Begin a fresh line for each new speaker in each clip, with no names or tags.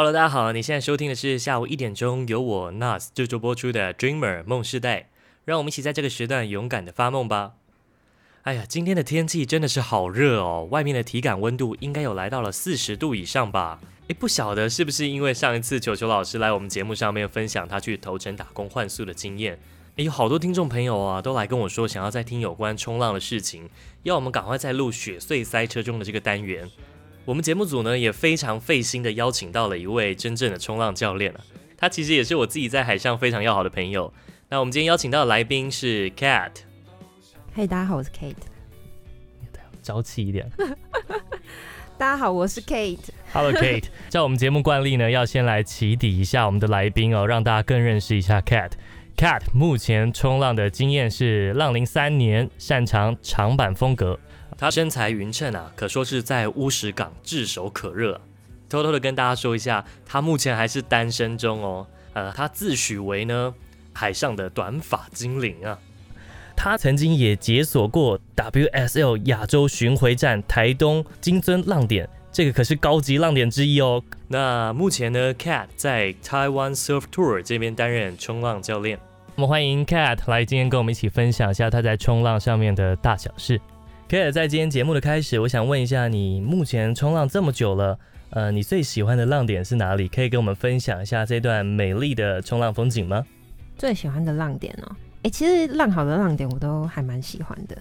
Hello，大家好，你現在收聽的是下午一點鐘由我 Nas 製作播出的《Dreamer 夢世代》，讓我們一起在這個時段勇敢地發夢吧。哎呀，今天的天氣真的是好熱哦，外面的體感溫度應該有來到了四十度以上吧？誒，不曉得是不是因為上一次球球老師來我們節目上面分享他去頭城打工換宿的經驗，誒，有好多聽眾朋友啊都來跟我說想要再聽有關衝浪的事情，要我們趕快再錄雪隧塞車中的這個單元。我們節目組呢也非常費心的邀請到了一位真正的衝浪教練了、啊，他其實也是我自己在海上非常要好的朋友。那我們今天邀請到的來賓是 Kate 嘿，hey, 大
家好，我是 Kate。
對，我朝氣一點。
大家好，我是 Kate。 Hello, Kate。Hello，Kate。
照我們節目慣例呢，要先來起底一下我們的來賓哦，讓大家更認識一下 Kate。Kate 目前衝浪的經驗是浪齡三年，擅長長板風格。他身材勻稱啊，可說是在烏石港炙手可熱啊。偷偷的跟大家說一下，他目前還是單身中哦。呃，他自詡為呢海上的短髮精靈啊。他曾經也解鎖過 WSL 亞洲巡回站台東金樽浪點，這個可是高級浪點之一哦。那目前呢，Kate 在 Taiwan Surf Tour 這邊擔任衝浪教練。我們歡迎 Kate 來今天跟我們一起分享一下他在衝浪上面的大小事。可以、okay, 在今天節目的開始，我想問一下你目前衝浪這麼久了，呃，你最喜歡的浪點是哪裡？可以跟我們分享一下這段美麗的衝浪風景嗎？
最喜歡的浪點哦、喔，哎、欸，其實浪好的浪點我都還蠻喜歡的，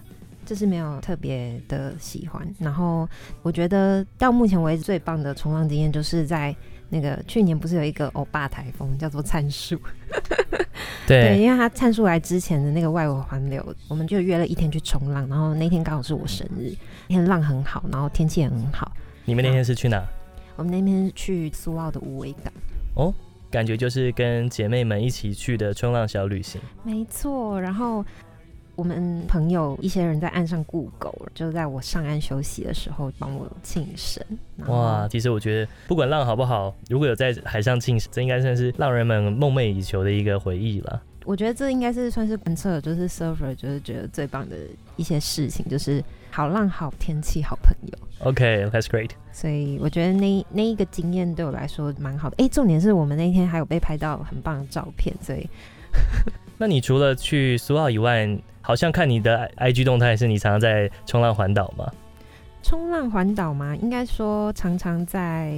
就是沒有特別的喜歡。然後我覺得到目前為止最棒的衝浪經驗就是在那個去年不是有一個歐巴台風叫做燦樹。對，對，因為他探出來之前的那個外圍環流，我們就約了一天去衝浪。然後那天剛好是我生日，那天浪很好，然後天氣也很好。
你們那天是去哪？啊、
我們那天去蘇澳的無尾港。
哦，感覺就是跟姐妹們一起去的衝浪小旅行。
沒錯，然後。我們朋友一些人在岸上雇狗，就是在我上岸休息的時候幫我慶生。
哇，其實我覺得不管浪好不好，如果有在海上慶生，這應該算是浪人們夢寐以求的一個回憶了。
我覺得這應該是算是觀測，就是 surfer 就是覺得最棒的一些事情，就是好浪好、好天氣、好朋友。
OK，that's、okay, great。
所以我覺得那那一個經驗對我來說蠻好的。誒、欸，重點是我們那天還有被拍到很棒的照片，所以。
那你除了去蘇澳以外？好像看你的 I G 動態，是你常常在衝浪環島嗎？
衝浪環島嗎？應該說常常在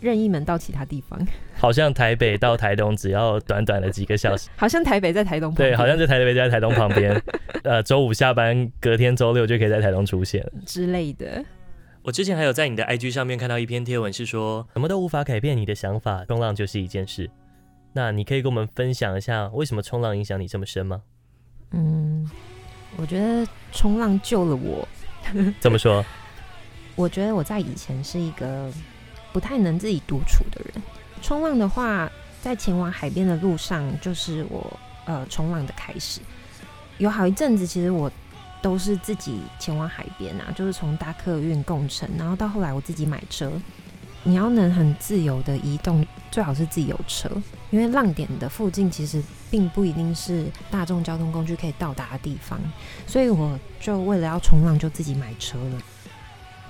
任意門到其他地方。
好像台北到台東只要短短的幾個小時。
好像台北在台東旁邊，對，好
像在台北在台東旁邊。 呃，周五下班隔天周六就可以在台東出現了之類的。我之前還有在你的 I G 上面看到一篇貼文，是說什麼都無法改變你的想法，衝浪就是一件事。那你可以跟我們分享一下，為什麼衝浪影響你這麼深嗎？
嗯，我覺得衝浪救了我。怎 麼說？我覺得我在以前是一個不太能自己獨處的人。衝浪的話，在前往海邊的路上，就是我呃衝浪的開始。有好一陣子，其實我都是自己前往海邊啊，就是從搭客運共乘，然後到後來我自己買車。你要能很自由的移動，最好是自己有車。因為浪點的附近其實並不一定是大眾交通工具可以到達的地方，所以我就為了要衝浪就自己買車了。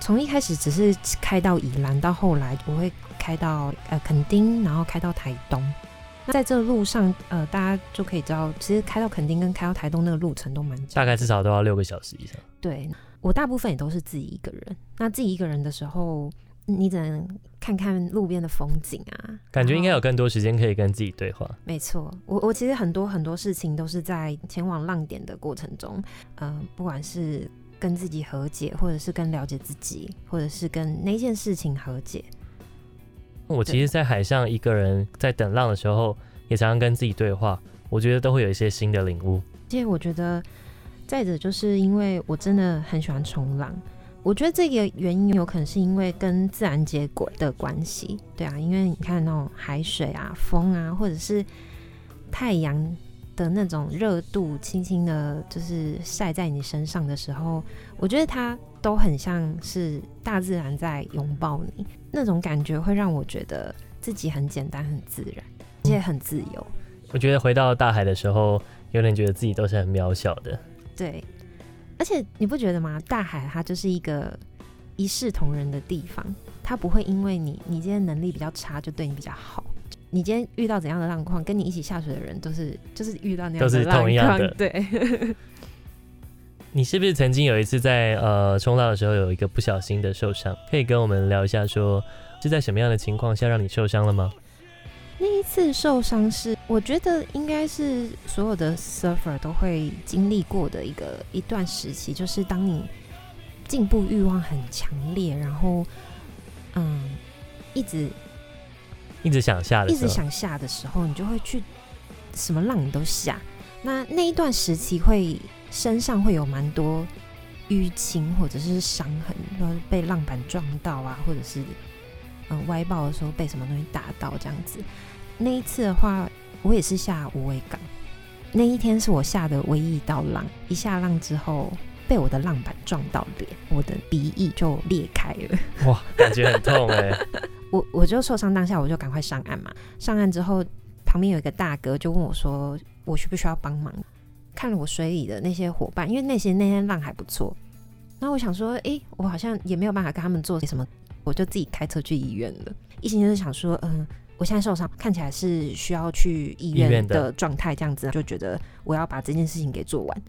從一開始只是開到宜蘭，到後來我會開到呃墾丁，然後開到台東。那在這路上，呃，大家就可以知道，其實開到墾丁跟開到台東那個路程都蠻長
的，大概至少都要六個小時以上。
對我大部分也都是自己一個人。那自己一個人的時候。你只能看看路邊的風景啊，
感覺應該有更多時間可以跟自己對話。
沒錯，我我其實很多很多事情都是在前往浪點的過程中，嗯、呃，不管是跟自己和解，或者是更了解自己，或者是跟那件事情和解。
我其實，在海上一個人在等浪的時候，對也常常跟自己對話，我覺得都會有一些新的領悟。
其實我覺得，再者就是因為我真的很喜歡衝浪。我覺得這個原因有可能是因為跟自然界的關係，對啊，因為你看那種海水啊、風啊，或者是太陽的那種熱度，輕輕的，就是曬在你身上的時候，我覺得它都很像是大自然在擁抱你，那種感覺會讓我覺得自己很簡單、很自然，而且很自由。
我覺得回到大海的時候，有點覺得自己都是很渺小的。
對。而且你不覺得嗎？大海它就是一個一視同仁的地方，它不會因為你你今天能力比較差就對你比較好。你今天遇到怎樣的浪況，跟你一起下水的人都是就是遇到那樣，都是同樣的。對。
你是不是曾經有一次在呃衝浪的時候有一個不小心的受傷？可以跟我們聊一下說，說是在什麼樣的情況下讓你受傷了嗎？
那一次受傷是，我覺得應該是所有的 surfer 都會經歷過的一個一段時期，就是當你進步欲望很強烈，然後嗯，一直
一直想下的，一直想
下的時候，你就會去什麼浪你都下。那那一段時期會身上會有蠻多淤青或者是傷痕，或者被浪板撞到啊，或者是。嗯，歪爆的時候被什麼東西打到，這樣子。那一次的話，我也是下無尾港。那一天是我下的唯一一道浪，一下浪之後，被我的浪板撞到臉，我的鼻翼就裂開了。
哇，感覺很痛哎！
我我就受傷當下，我就趕快上岸嘛。上岸之後，旁邊有一個大哥就問我說：“我需不需要幫忙？”看了我水裡的那些夥伴，因為那些那天浪還不錯。那我想說，哎、欸，我好像也沒有辦法跟他們做些什麼。我就自己開車去醫院了。一心就是想說，嗯，我現在受傷，看起來是需要去醫院的狀態，這樣子就覺得我要把這件事情給做完。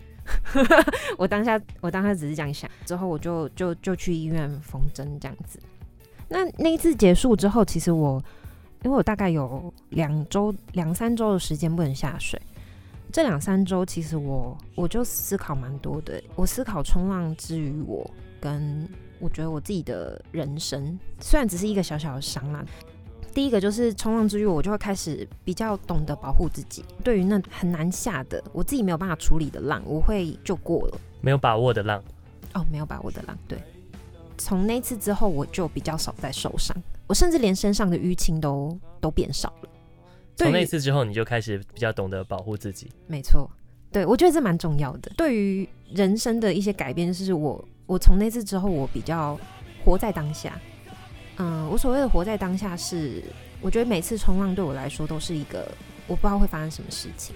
我當下，我當下只是這樣想，之後我就就就去醫院縫針這樣子。那那一次結束之後，其實我因為我大概有兩周、兩三周的時間不能下水。這兩三周，其實我我就思考蠻多的。我思考衝浪之於我跟，我覺得我自己的人生雖然只是一個小小的傷啦。第一個就是衝浪之餘，我就會開始比較懂得保護自己。對於那很難下的、我自己沒有辦法處理的浪，我會就過了。
沒有把握的浪，
哦，沒有把握的浪。對，從那次之後，我就比較少在受傷。我甚至連身上的淤青都都變少了。
從那次之後，你就開始比較懂得保護自己。
沒錯，對，我覺得這蠻重要的。對於人生的一些改變，是我。我從那次之後，我比較活在當下。嗯，我所謂的活在當下是，我覺得每次衝浪對我來說都是一個，我不知道會發生什麼事情，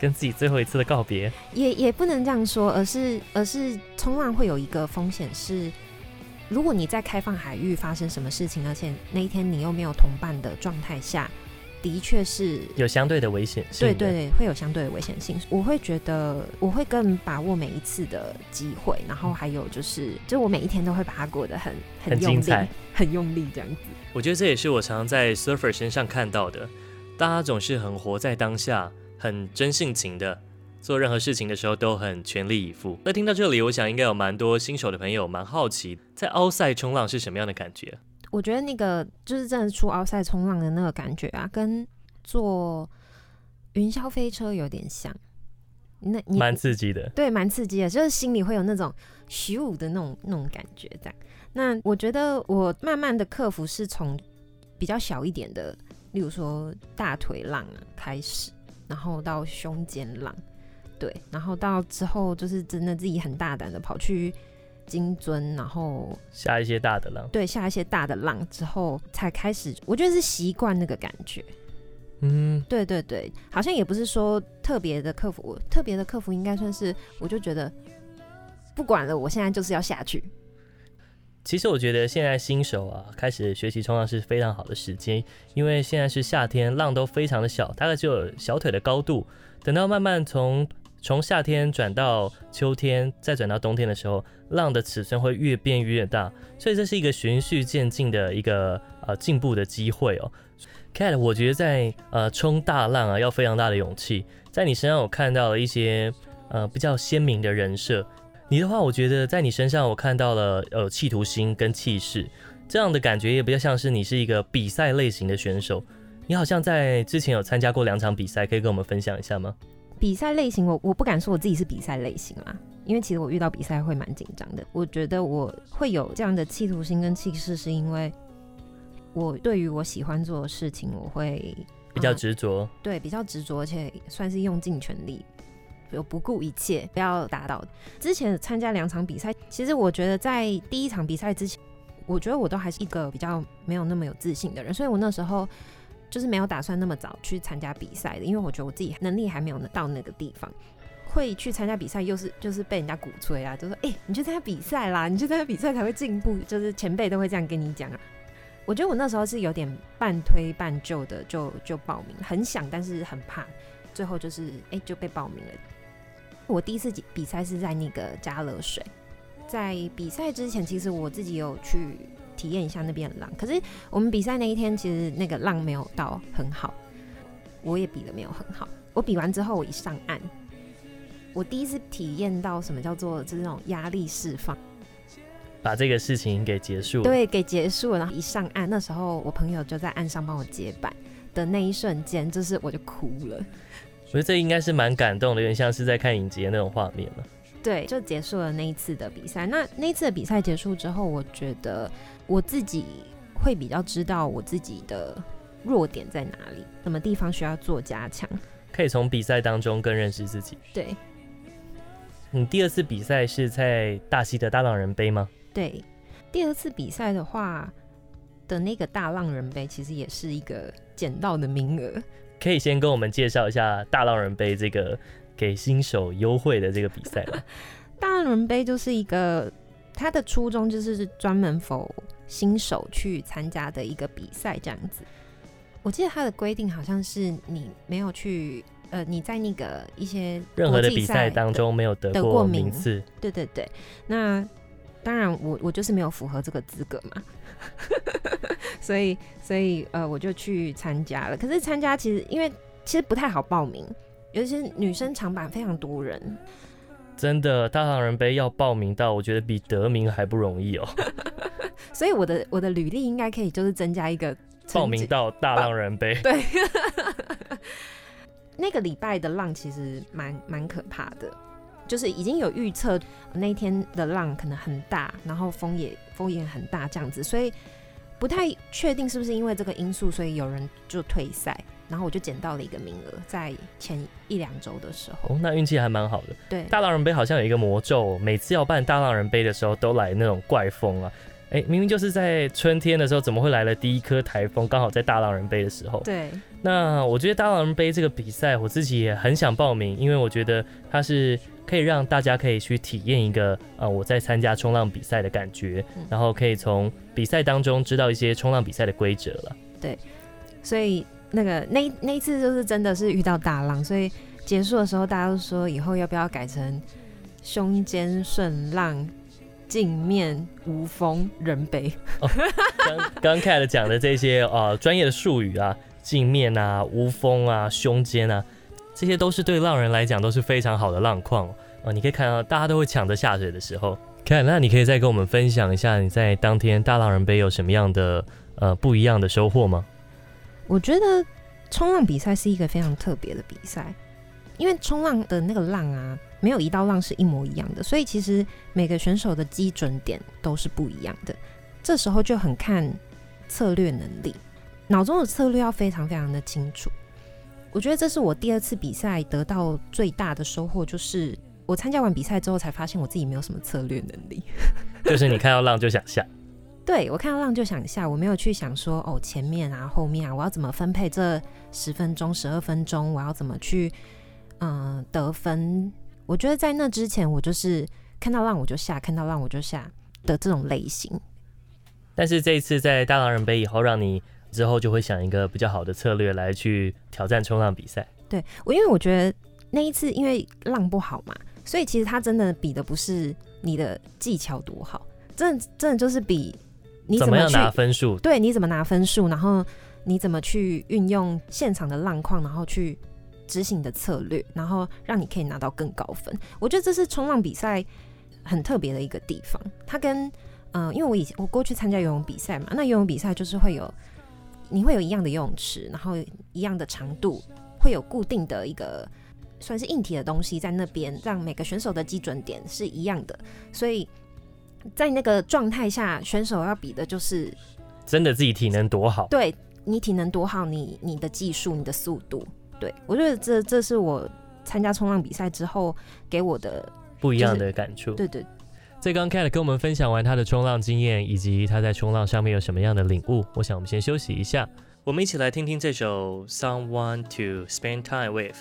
跟自己最後一次的告別。
也也不能這樣說，而是而是衝浪會有一個風險是，如果你在開放海域發生什麼事情，而且那一天你又沒有同伴的狀態下。的確是
有相對的危險性，對對對，
會有相對的危險性。我會覺得我會更把握每一次的機會，然後還有就是，就我每一天都會把它過得很很用力，很，很用力這樣子。
我覺得這也是我常常在 surfer 身上看到的，大家總是很活在當下，很真性情的，做任何事情的時候都很全力以赴。那聽到這裡，我想應該有蠻多新手的朋友蠻好奇，在 outside 衝浪是什麼樣的感覺。
我覺得那個就是真的是出奧賽衝浪的那個感覺啊，跟坐雲霄飛車有點像。那你蠻
刺激的，對，
蠻刺激的，就是心裡會有那種虛無的那種那種感覺。在那我覺得我慢慢的克服是從比較小一點的，例如說大腿浪開始，然後到胸肩浪，對，然後到之後就是真的自己很大膽的跑去。金樽，然
後下一些大的浪，
對，下一些大的浪之後才開始，我覺得是習慣那個感覺。
嗯，
對對對，好像也不是說特別的克服，特別的克服應該算是，我就覺得不管了，我現在就是要下去。
其實我覺得現在新手啊，開始學習衝浪是非常好的時間，因為現在是夏天，浪都非常的小，大概只有小腿的高度。等到慢慢從從夏天轉到秋天，再轉到冬天的時候，浪的尺寸會越變越大，所以這是一個循序漸進的一個呃進步的機會哦。Kate，我覺得在呃衝大浪啊，要非常大的勇氣。在你身上，我看到了一些呃比較鮮明的人設。你的話，我覺得在你身上，我看到了呃企圖心跟氣勢，這樣的感覺也比較像是你是一個比賽類型的選手。你好像在之前有參加過兩場比賽，可以跟我們分享一下嗎？
比賽類型，我我不敢說我自己是比賽類型啦，因為其實我遇到比賽會蠻緊張的。我覺得我會有這樣的企圖心跟氣勢，是因為我對於我喜歡做的事情，我會
比較執着。
啊，對，比較執着，而且算是用盡全力，有不顧一切，不要達到。之前參加兩場比賽，其實我覺得在第一場比賽之前，我覺得我都還是一個比較沒有那麼有自信的人，所以我那時候。就是沒有打算那麼早去參加比賽的，因為我覺得我自己能力還沒有到那個地方。會去參加比賽，又是就是被人家鼓吹啊，就說：“誒、欸，你就參加比賽啦，你就參加比賽才會進步。”就是前輩都會這樣跟你講啊。我覺得我那時候是有點半推半就的，就就報名，很想，但是很怕最後就是誒、欸，就被報名了。我第一次比賽是在那個佳樂水，在比賽之前，其實我自己有去。體驗一下那邊的浪，可是我們比賽那一天，其實那個浪沒有到很好，我也比的沒有很好。我比完之後，我一上岸，我第一次體驗到什麼叫做就是那種壓力釋放，
把這個事情給結束了，對，
給結束了。然後一上岸，那時候我朋友就在岸上幫我接板的那一瞬間，就是我就哭了。
我覺得這應該是蠻感動的，有點像是在看影集的那種畫面了。
對，就結束了那一次的比賽。那那一次的比賽結束之後，我覺得我自己會比較知道我自己的弱點在哪裡，什麼地方需要做加強，
可以從比賽當中更認識自己。對，你第二次比賽是在大溪的大浪人杯嗎？
對，第二次比賽的話的那個大浪人杯其實也是一個撿到的名額。
可以先跟我們介紹一下大浪人杯這個。給新手優惠的這個比賽，
大輪 杯就是一個，它的初衷就是專門 for 新手去參加的一個比賽，這樣子。我記得它的規定好像是你沒有去，呃，你在那個一些任何的比賽當中沒有得過名次，名。對對對。那當然我，我我就是沒有符合這個資格嘛， 所以所以呃，我就去參加了。可是參加其實因為其實不太好報名。尤其是女生長板非常多人，
真的大浪人杯要報名到，我覺得比得名還不容易哦，喔。
所以我的我的履歷應該可以就是增加一個
報名到大浪人杯。對，
那個禮拜的浪其實蠻蠻可怕的，就是已經有預測那天的浪可能很大，然後風也風也很大這樣子，所以不太確定是不是因為這個因素，所以有人就退賽。然後我就撿到了一個名額，在前一兩周的時候。
哦，那運氣還蠻好的。對，大浪人杯好像有一個魔咒哦，每次要辦大浪人杯的時候都來那種怪風啊。哎，明明就是在春天的時候，怎麼會來了第一顆颱風？剛好在大浪人杯的時候。對。那我覺得大浪人杯這個比賽，我自己也很想報名，因為我覺得它是可以讓大家可以去體驗一個呃我在參加衝浪比賽的感覺，嗯。然後可以從比賽當中知道一些衝浪比賽的規則了。
對，所以。那個那那一次就是真的是遇到大浪，所以結束的時候大家都說以後要不要改成胸肩順浪，鏡面無風人杯。剛
剛 Kate 講的這些啊呃專業的術語啊，鏡面啊無風啊胸肩啊，這些都是對浪人來講都是非常好的浪況啊、哦呃。你可以看到大家都會搶着下水的時候，Kate，那你可以再跟我們分享一下你在當天大浪人杯有什麼樣的呃不一樣的收穫嗎？
我覺得衝浪比賽是一個非常特別的比賽，因為衝浪的那個浪啊，沒有一道浪是一模一樣的，所以其實每個選手的基準點都是不一樣的。這時候就很看策略能力，腦中的策略要非常非常的清楚。我覺得這是我第二次比賽得到最大的收穫，就是我參加完比賽之後才發現我自己沒有什麼策略能力，
就是你看到浪就想下。
對，我看到浪就想下，我沒有去想說哦前面啊後面啊我要怎麼分配這十分鐘十二分鐘我要怎麼去嗯、呃、得分。我覺得在那之前我就是看到浪我就下，看到浪我就下的這種類型。
但是這一次在大浪人杯以後，讓你之後就會想一個比較好的策略來去挑戰衝浪比賽。
對我，因為我覺得那一次因為浪不好嘛，所以其實他真的比的不是你的技巧多好，真的真的就是比。你怎麼，怎麼樣拿
分數？對，
你怎麼拿分數？然後你怎麼去運用現場的浪況，然後去執行的策略，然後讓你可以拿到更高分。我覺得這是衝浪比賽很特別的一個地方。它跟嗯、呃，因為我以前我過去參加游泳比賽嘛，那游泳比賽就是會有你會有一樣的游泳池，然後一樣的長度，會有固定的一個算是硬體的東西在那邊，讓每個選手的基準點是一樣的，所以。在那個狀態下，選手要比的就是
真的自己體能多好。對
你體能多好，你你的技術、你的速度。對我覺得這這是我參加衝浪比賽之後給我的、就
是、不一樣的感觸。對，對對。在剛剛 Kate 跟我們分享完他的衝浪經驗，以及他在衝浪上面有什麼樣的領悟。我想我們先休息一下，我們一起來聽聽這首《Someone to Spend Time With》。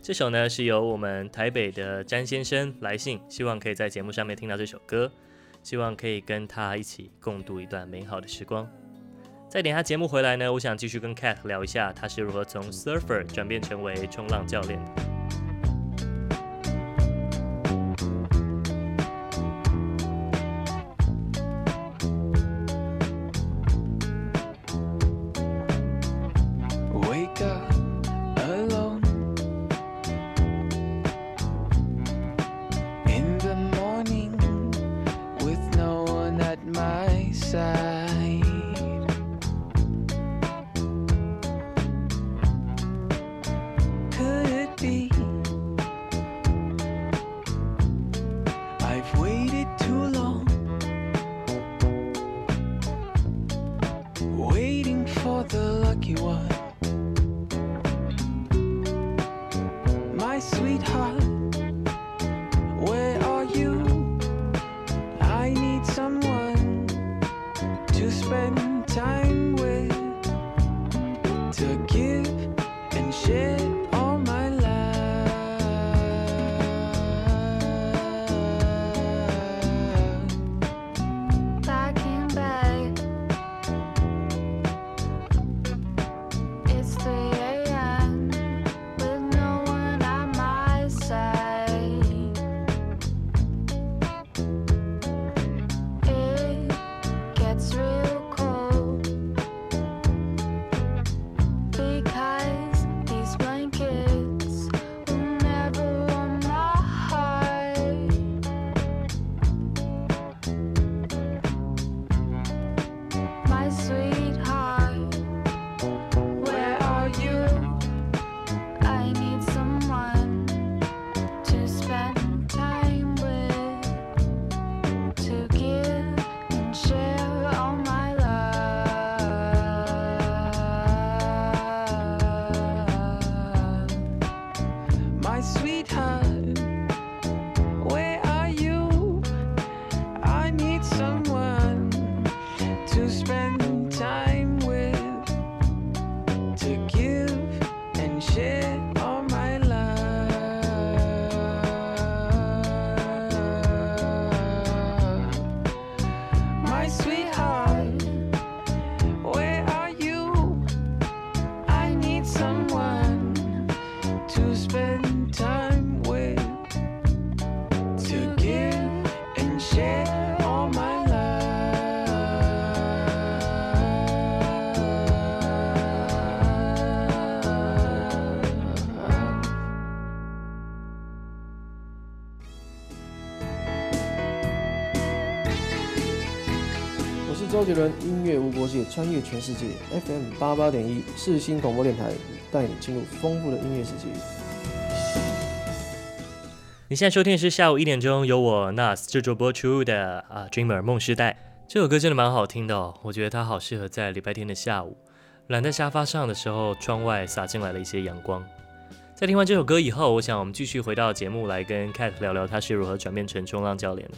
這首呢是由我們台北的詹先生來信，希望可以在節目上面聽到這首歌。希望可以跟他一起共度一段美好的時光。再點下節目回來呢，我想繼續跟 Kate 聊一下，他是如何從 Surfer 轉變成為衝浪教練的。
周杰倫音樂無國界，穿越全世界。FM 八八點一，四星廣播電台，帶你進入豐富的音樂世界。
你現在收聽的是下午一點鐘由我 Nas 製作播出的啊，uh, Dreamer, 孟《Dreamer 夢時代》這首歌真的蠻好聽的哦，我覺得它好適合在禮拜天的下午，懶在沙發上的時候，窗外灑進來了一些陽光。在聽完這首歌以後，我想我們繼續回到節目來跟 Kate 聊聊她是如何轉變成衝浪教練的。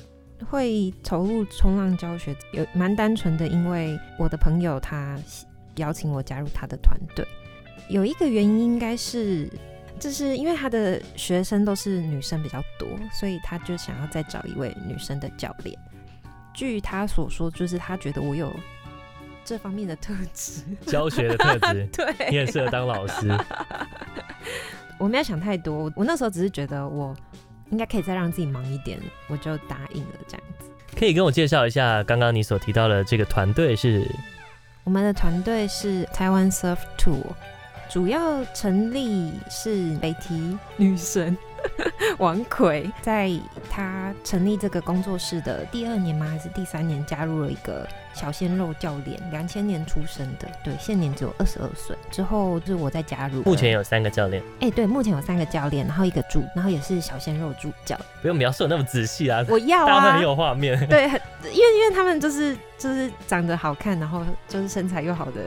會投入衝浪教學有蠻單純的，因為我的朋友他邀請我加入他的團隊，有一個原因應該是，就是因為他的學生都是女生比較多，所以他就想要再找一位女生的教練。據他所說，就是他覺得我有這方面的特質，教學的特質， 對，你很適合當
老師。
我沒有想太多，我我那時候只是覺得我。應該可以再讓自己忙一點，我就答應了這樣子。
可以跟我介紹一下剛剛你所提到的這個團隊是？
我們的團隊是台灣 Surf Tour，主要成立是北堤女神。 王奎在他成立這個工作室的第二年嗎？還是第三年加入了一個小鮮肉教練，兩千年出生的，對，現年只有二十二歲。之後就是我再加入，目前
有三個教練。
哎、欸，對，目前有三個教練，然後一個助，然後也是小鮮肉助教。
不用描述那麼仔細啊，我要啊，他們很有畫面。
對，因為因為他們就是就是長得好看，然後就是身材又好的。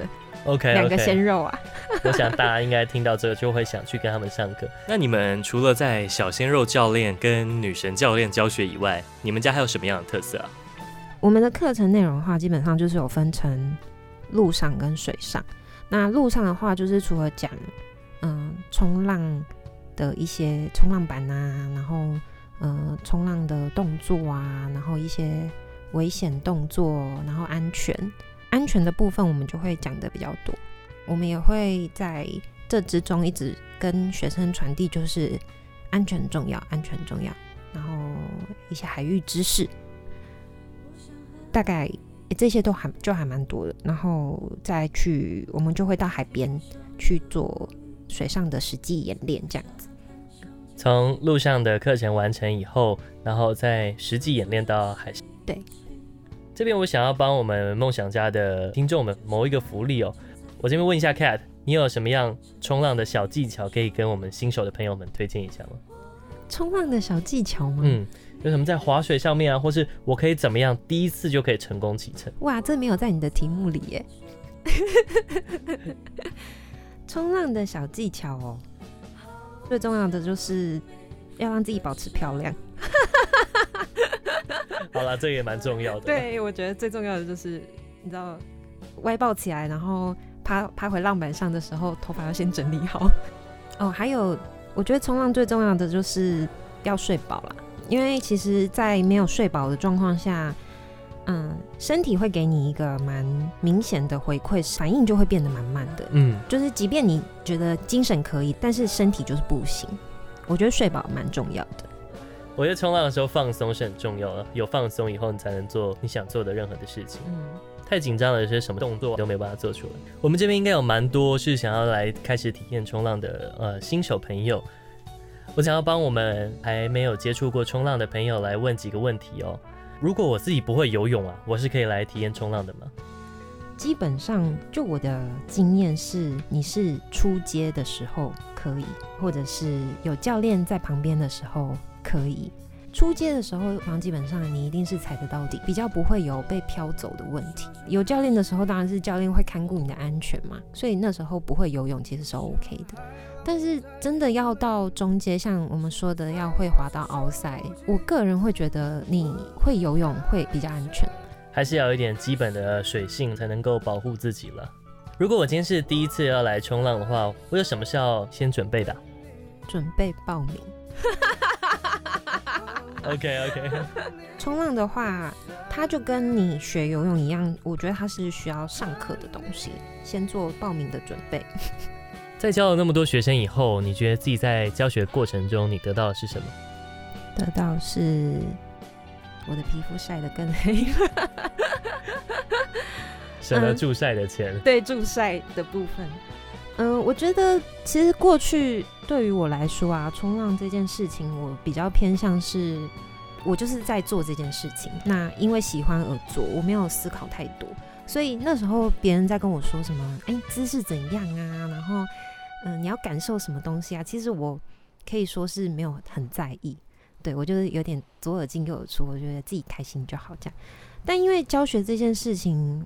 OK，okay. 兩個鮮
肉啊！
我想大家應該聽到這個就會想去跟他們上課。那你們除了在小鮮肉教練跟女神教練教學以外，你們家還有什麼樣的特色啊？我們的
課程內容的話，基本上就是有分成路上跟水上。那路上的話，就是除了講嗯衝浪的一些衝浪板啊，然後嗯呃衝浪的動作啊，然後一些危險動作，然後安全。安全的部分我們就會講的比較多，我們也會在這之中一直跟學生傳遞，就是安全重要，安全重要，然後一些海域知識，大概這些都還就還蠻多的，然後再去我們就會到海邊去做水上的實際演練，這樣子。
從陸上的課程完成以後，然後再實際演練到海上。對。這邊我想要幫我們夢想家的聽眾們謀一個福利哦、喔。我這邊問一下 Kate，你有什麼樣衝浪的小技巧可以跟我們新手的朋友們推薦一下嗎？
衝浪的小技巧嗎？嗯，
有什麼在滑水上面啊，或是我可以怎麼樣第一次就可以成功起乘？
哇，這沒有在你的題目裡耶。衝 浪的小技巧哦、喔，最重要的就是要讓自己保持漂亮。
好啦，這也蠻重要的。
呃，對，我覺得最重要的就是，你知道，歪抱起來，然後趴趴回浪板上的時候，頭髮要先整理好。哦，還有，我覺得衝浪最重要的就是要睡飽啦，因為其實，在沒有睡飽的狀況下，嗯，身體會給你一個蠻明顯的回饋，反應就會變得蠻慢的。嗯，就是即便你覺得精神可以，但是身體就是不行。我覺得睡飽蠻重
要的。我覺得衝浪的時候放鬆是很重要的，有放鬆以後，你才能做你想做的任何的事情。嗯，太緊張了，有些什麼動作都沒辦法做出來。我們這邊應該有蠻多是想要來開始體驗衝浪的呃、新手朋友。我想要幫我們還沒有接觸過衝浪的朋友來問幾個問題哦。如果我自己不會游泳啊，我是可以來體驗衝浪的嗎？
基本上，就我的經驗是，你是初階的時候可以，或者是有教練在旁邊的時候。可以，初階的時候，然後基本上你一定是踩得到底，比較不會有被飄走的問題。有教練的時候，當然是教練會看顧你的安全嘛，所以那時候不會游泳其實是 OK 的。但是真的要到中階，像我們說的要會滑到 outside，我個人會覺得你會游泳會比較安全，
還是要有一點基本的水性才能夠保護自己了。如果我今天是第一次要來衝浪的話，我有什麼是要先準備的？
準備報名。 OK OK，衝浪的話，它就跟你學游泳一樣，我覺得它是需要上課的東西，先做報名的準備。
在教了那麼多學生以後，你覺得自己在教學過程中你得到的是什麼？
得到是我的皮膚曬得更黑了，
省了助曬的錢。嗯、
對，助曬的部分。嗯、呃，我覺得其實過去對於我來說啊，衝浪這件事情，我比較偏向是，我就是在做這件事情。那因為喜歡而做，我沒有思考太多。所以那時候別人在跟我說什麼，哎，姿勢怎樣啊？然後，嗯、呃，你要感受什麼東西啊？其實我可以說是沒有很在意。對，我就是有點左耳進右耳出，我覺得自己開心就好這樣。但因為教學這件事情。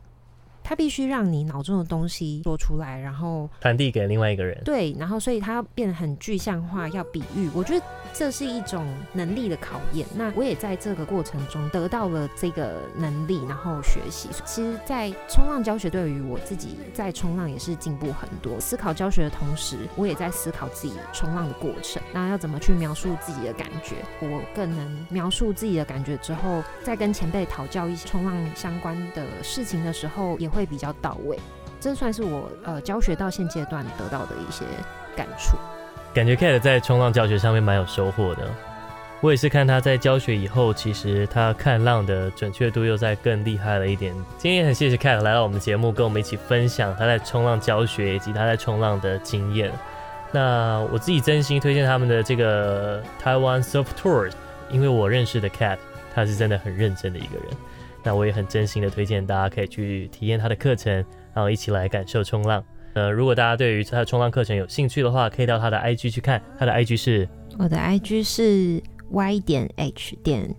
他必須讓你腦中的東西說出來，然後
傳遞給另外一個人。
對，然後所以他變得很具象化，要比喻。我覺得這是一種能力的考驗。那我也在這個過程中得到了這個能力，然後學習。其實，在衝浪教學對於我自己在衝浪也是進步很多。思考教學的同時，我也在思考自己衝浪的過程，那要怎麼去描述自己的感覺？我更能描述自己的感覺之後，再跟前輩討教一些衝浪相關的事情的時候，也會比較到位，這算是我呃教學到現階段得到的一些感觸。
感覺 Kate 在衝浪教學上面蠻有收穫的。我也是看他在教學以後，其實他看浪的準確度又再更厲害了一點。今天也很謝謝 Kate 來到我們節目，跟我們一起分享他在衝浪教學以及他在衝浪的經驗。那我自己真心推薦他們的這個台灣 Surf Tour，因為我認識的 Kate 他是真的很認真的一個人。那我也很真心的推薦大家可以去體驗他的課程，然後一起來感受衝浪。呃，如果大家對於他的衝浪課程有興趣的話，可以到他的 IG 去看。他的 IG 是，
我的 IG 是 y 點 h 點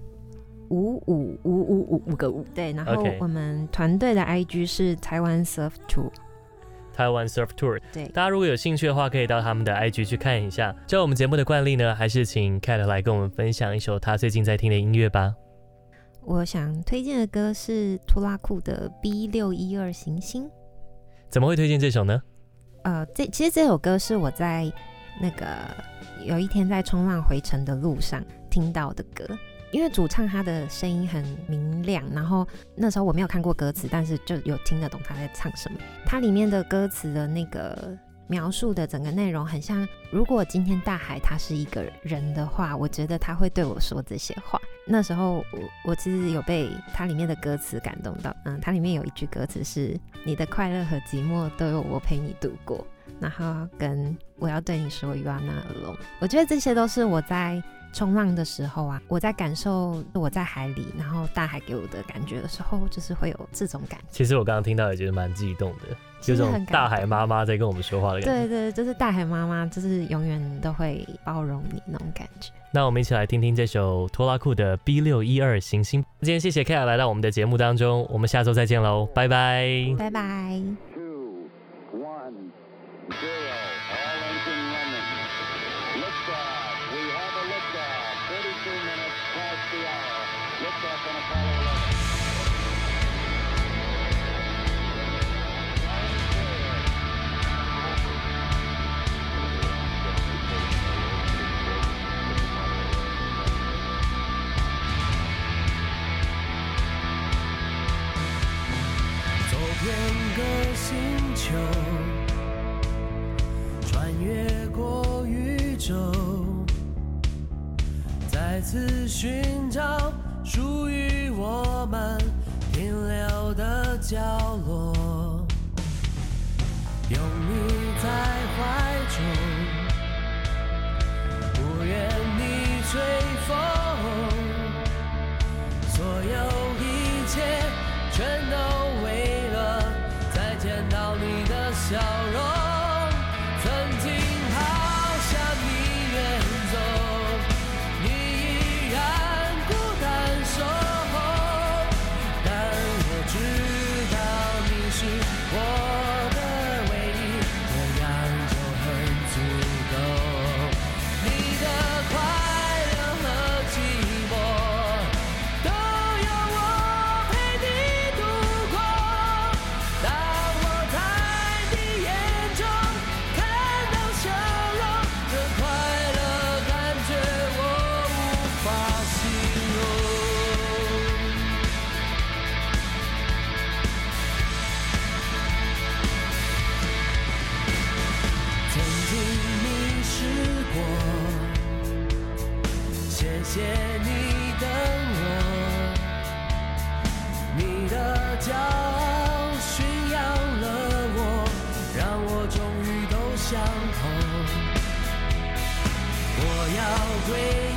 五五五五五五個五。對，然後我們團隊的 IG 是台灣 Surf Tour。
台灣 Surf Tour。對，大家如果有興趣的話，可以到他們的 IG 去看一下。照我們節目的慣例呢，還是請 Kate 來跟我們分享一首他最近在聽的音樂吧。
我想推薦的歌是脫拉庫的《B 六一二行星》。
怎麼會推薦這首呢？
呃，這其實這首歌是我在那個有一天在衝浪回程的路上聽到的歌，因為主唱他的聲音很明亮，然後那時候我沒有看過歌詞，但是就有聽得懂他在唱什麼。它裡面的歌詞的那個。描述的整個內容很像，如果今天大海他是一個人的話，我覺得他會對我說這些話。那時候我我其實有被它裡面的歌詞感動到，嗯，它裡面有一句歌詞是“你的快樂和寂寞都有我陪你度過”，然後跟我要對你說 “You are not alone”，我覺得這些都是我在。衝浪的時候啊，我在感受我在海裡，然後大海給我的感覺的時候，就是會有這種感覺。
其實我剛剛聽到也覺得蠻激動的，有種大海媽媽在跟我們說話的感覺。對，
對對，就是大海媽媽，就是永遠都會包容你那種感覺。
那我們一起來聽聽這首脫拉庫的 B 六一二行星。今天謝謝 Kate 來到我們的節目當中，我們下周再見嘍，拜拜，拜
拜。借你，等我，你的驕傲馴養了我，讓我終於都想通。我要對。